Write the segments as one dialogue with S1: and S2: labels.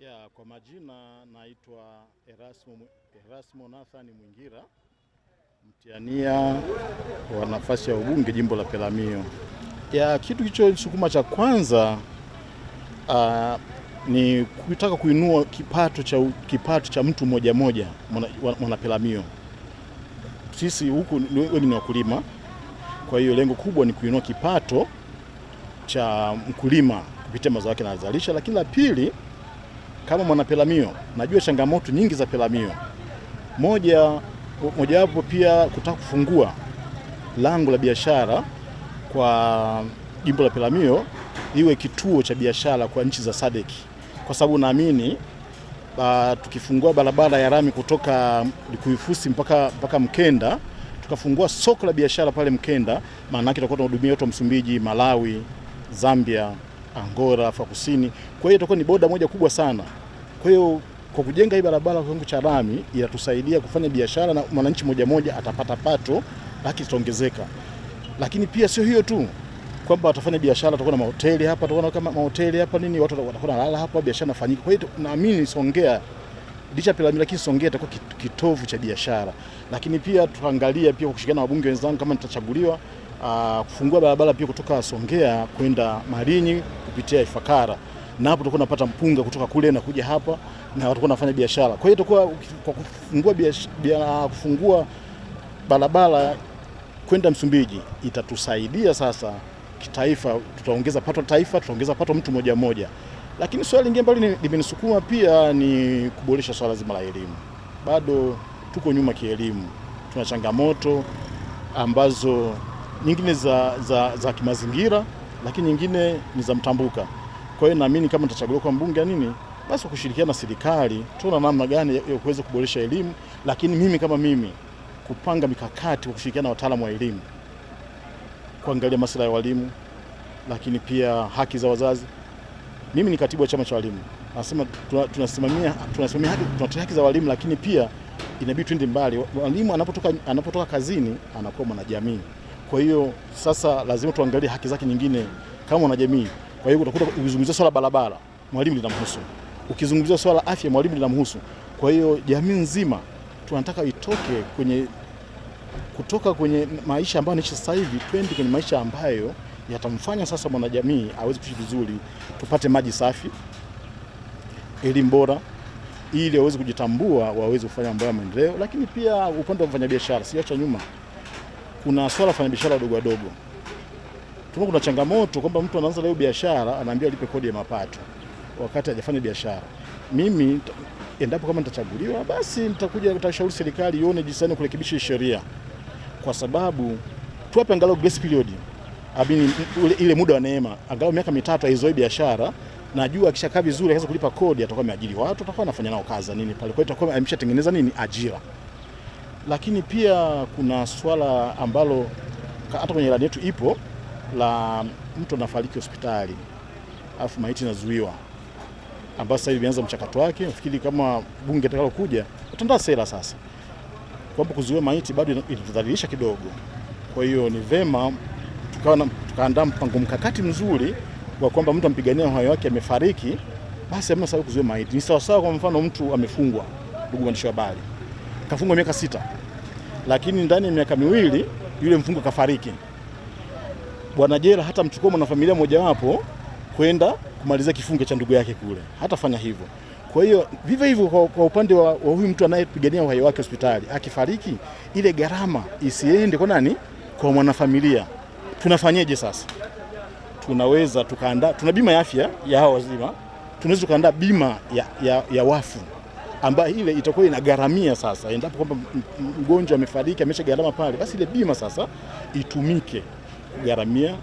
S1: Ya, kwa majina naitwa Erasmo, Erasmo Nathan Mwingira mtiania wa nafasi ya ubunge jimbo la Peramiho. Ya, kitu sukuma cha kwanza uh, ni kutaka kuinua kipato cha, kipato cha mtu mmoja moja mwana Peramiho. Sisi huku wengi ni wakulima, kwa hiyo lengo kubwa ni kuinua kipato cha mkulima kupitia mazao yake anazalisha, lakini la pili kama mwanapelamio najua changamoto nyingi za Pelamio. Moja mojawapo pia kutaka kufungua lango la biashara kwa jimbo la Pelamio iwe kituo cha biashara kwa nchi za SADC, kwa sababu naamini uh, tukifungua barabara ya rami kutoka Likuifusi mpaka, mpaka Mkenda tukafungua soko la biashara pale Mkenda, maana yake tutakuwa tunahudumia watu wa Msumbiji, Malawi, Zambia Angora, Afrika Kusini. Kwa hiyo itakuwa ni boda moja kubwa sana. Kwa hiyo kwa kujenga hii barabara kwa kiwango cha lami inatusaidia kufanya biashara na mwananchi moja moja atapata pato lake litaongezeka. Lakini pia sio hiyo tu kwamba watafanya biashara, tutakuwa na mahoteli hapa, tutakuwa kama mahoteli hapa nini, watu watakuwa wanalala hapa, biashara inafanyika. Kwa hiyo naamini Songea licha piramidi, lakini Songea itakuwa kitovu cha biashara. Lakini pia tutaangalia pia kwa kushirikiana na wabunge wenzangu kama nitachaguliwa, uh, kufungua barabara pia kutoka Songea kwenda Malinyi kupitia Ifakara na hapo tutakuwa tunapata mpunga kutoka kule na kuja hapa na watakuwa wanafanya biashara. Kwa hiyo itakuwa kwa kufungua biashara, kufungua barabara kwenda Msumbiji itatusaidia sasa kitaifa, tutaongeza pato taifa, tutaongeza pato mtu moja moja. Lakini swali lingine ambalo limenisukuma pia ni kuboresha swala zima la elimu. Bado tuko nyuma kielimu, tuna changamoto ambazo nyingine za, za, za kimazingira lakini nyingine ni za mtambuka. Kwa hiyo naamini kama nitachaguliwa kwa mbunge ya nini, basi kushirikiana na serikali tuna namna gani ya kuweza kuboresha elimu, lakini mimi kama mimi kupanga mikakati kwa kushirikiana na wataalamu wa elimu kuangalia masuala ya walimu, lakini pia haki za wazazi. Mimi ni katibu wa chama cha walimu, nasema tunasimamia tunasimamia haki, tunatetea haki za walimu, lakini pia inabidi twende mbali. Walimu anapotoka anapotoka kazini anakuwa mwanajamii. Kwa hiyo sasa lazima tuangalie haki zake nyingine kama wanajamii. Kwa hiyo utakuta ukizungumzia swala barabara, mwalimu linamhusu, ukizungumzia swala afya, mwalimu linamhusu. Kwa hiyo jamii nzima tunataka itoke kwenye kutoka kwenye maisha ambayo anaishi sasa hivi, twende kwenye maisha ambayo yatamfanya sasa mwanajamii aweze kuishi vizuri. Tupate maji safi, elimu bora, ili waweze kujitambua, waweze kufanya mambo ya maendeleo. Lakini pia upande wa mfanyabiashara siacha nyuma kuna swala fanya biashara wadogo wadogo, tuna kuna changamoto kwamba mtu anaanza leo biashara anaambia alipe kodi ya mapato wakati hajafanya biashara. Mimi endapo kama nitachaguliwa, basi nitakuja nitashauri serikali ione jisani kurekebisha sheria, kwa sababu tuwape angalau grace period abini ule, ile muda wa neema angalau miaka mitatu aizoe biashara. Najua akishakaa vizuri aweza kulipa kodi, atakuwa ameajiri watu, atakuwa anafanya nao kazi nini pale, kwa hiyo atakuwa ameshatengeneza nini ajira lakini pia kuna swala ambalo hata kwenye ilani yetu ipo la mtu anafariki hospitali alafu maiti inazuiwa, ambayo sasa hivi imeanza mchakato wake. Nafikiri kama bunge litakalokuja watandaa sera sasa, kwamba kuzuia maiti bado inatudhalilisha kidogo. Kwa hiyo ni vema tukaandaa mpango mkakati mzuri wa kwamba mtu ampigania uhai wake amefariki, basi hamna sababu kuzuia maiti. Ni sawasawa, kwa mfano mtu amefungwa, ndugu mwandishi wa habari kafungwa miaka sita, lakini ndani ya miaka miwili yule mfungwa kafariki. Bwana jela hata mchukua mwanafamilia mojawapo kwenda kumalizia kifungo cha ndugu yake kule, hatafanya hivyo. Kwa hiyo vivyo hivyo kwa kwa upande wa, wa huyu mtu anayepigania uhai wake hospitali, akifariki ile gharama isiende kwa nani? Kwa mwanafamilia. Tunafanyeje sasa? Tunaweza tukaandaa, tuna bima ya afya ya hao wazima, tunaweza tukaandaa bima ya, ya, ya wafu ambayo ile itakuwa inagharamia sasa, endapo kwamba mgonjwa amefariki amesha gharama pale, basi ile bima sasa itumike kugharamia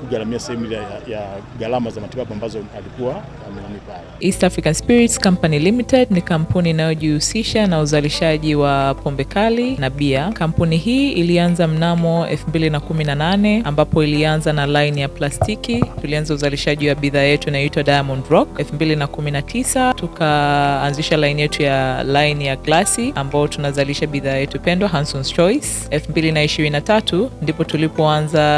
S1: kugharamia sehemu ya, ya gharama za matibabu ambazo alikuwa amenanipa.
S2: East African Spirits Company Limited ni kampuni inayojihusisha na uzalishaji wa pombe kali na bia. Kampuni hii ilianza mnamo 2018 ambapo ilianza na line ya plastiki. Tulianza uzalishaji wa bidhaa yetu inayoitwa Diamond Rock. 2019 tukaanzisha line yetu ya line ya glasi ambao tunazalisha bidhaa yetu pendwa Hanson's Choice. 2023 ndipo tulipoanza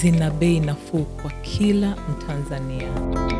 S2: zina bei nafuu kwa kila Mtanzania.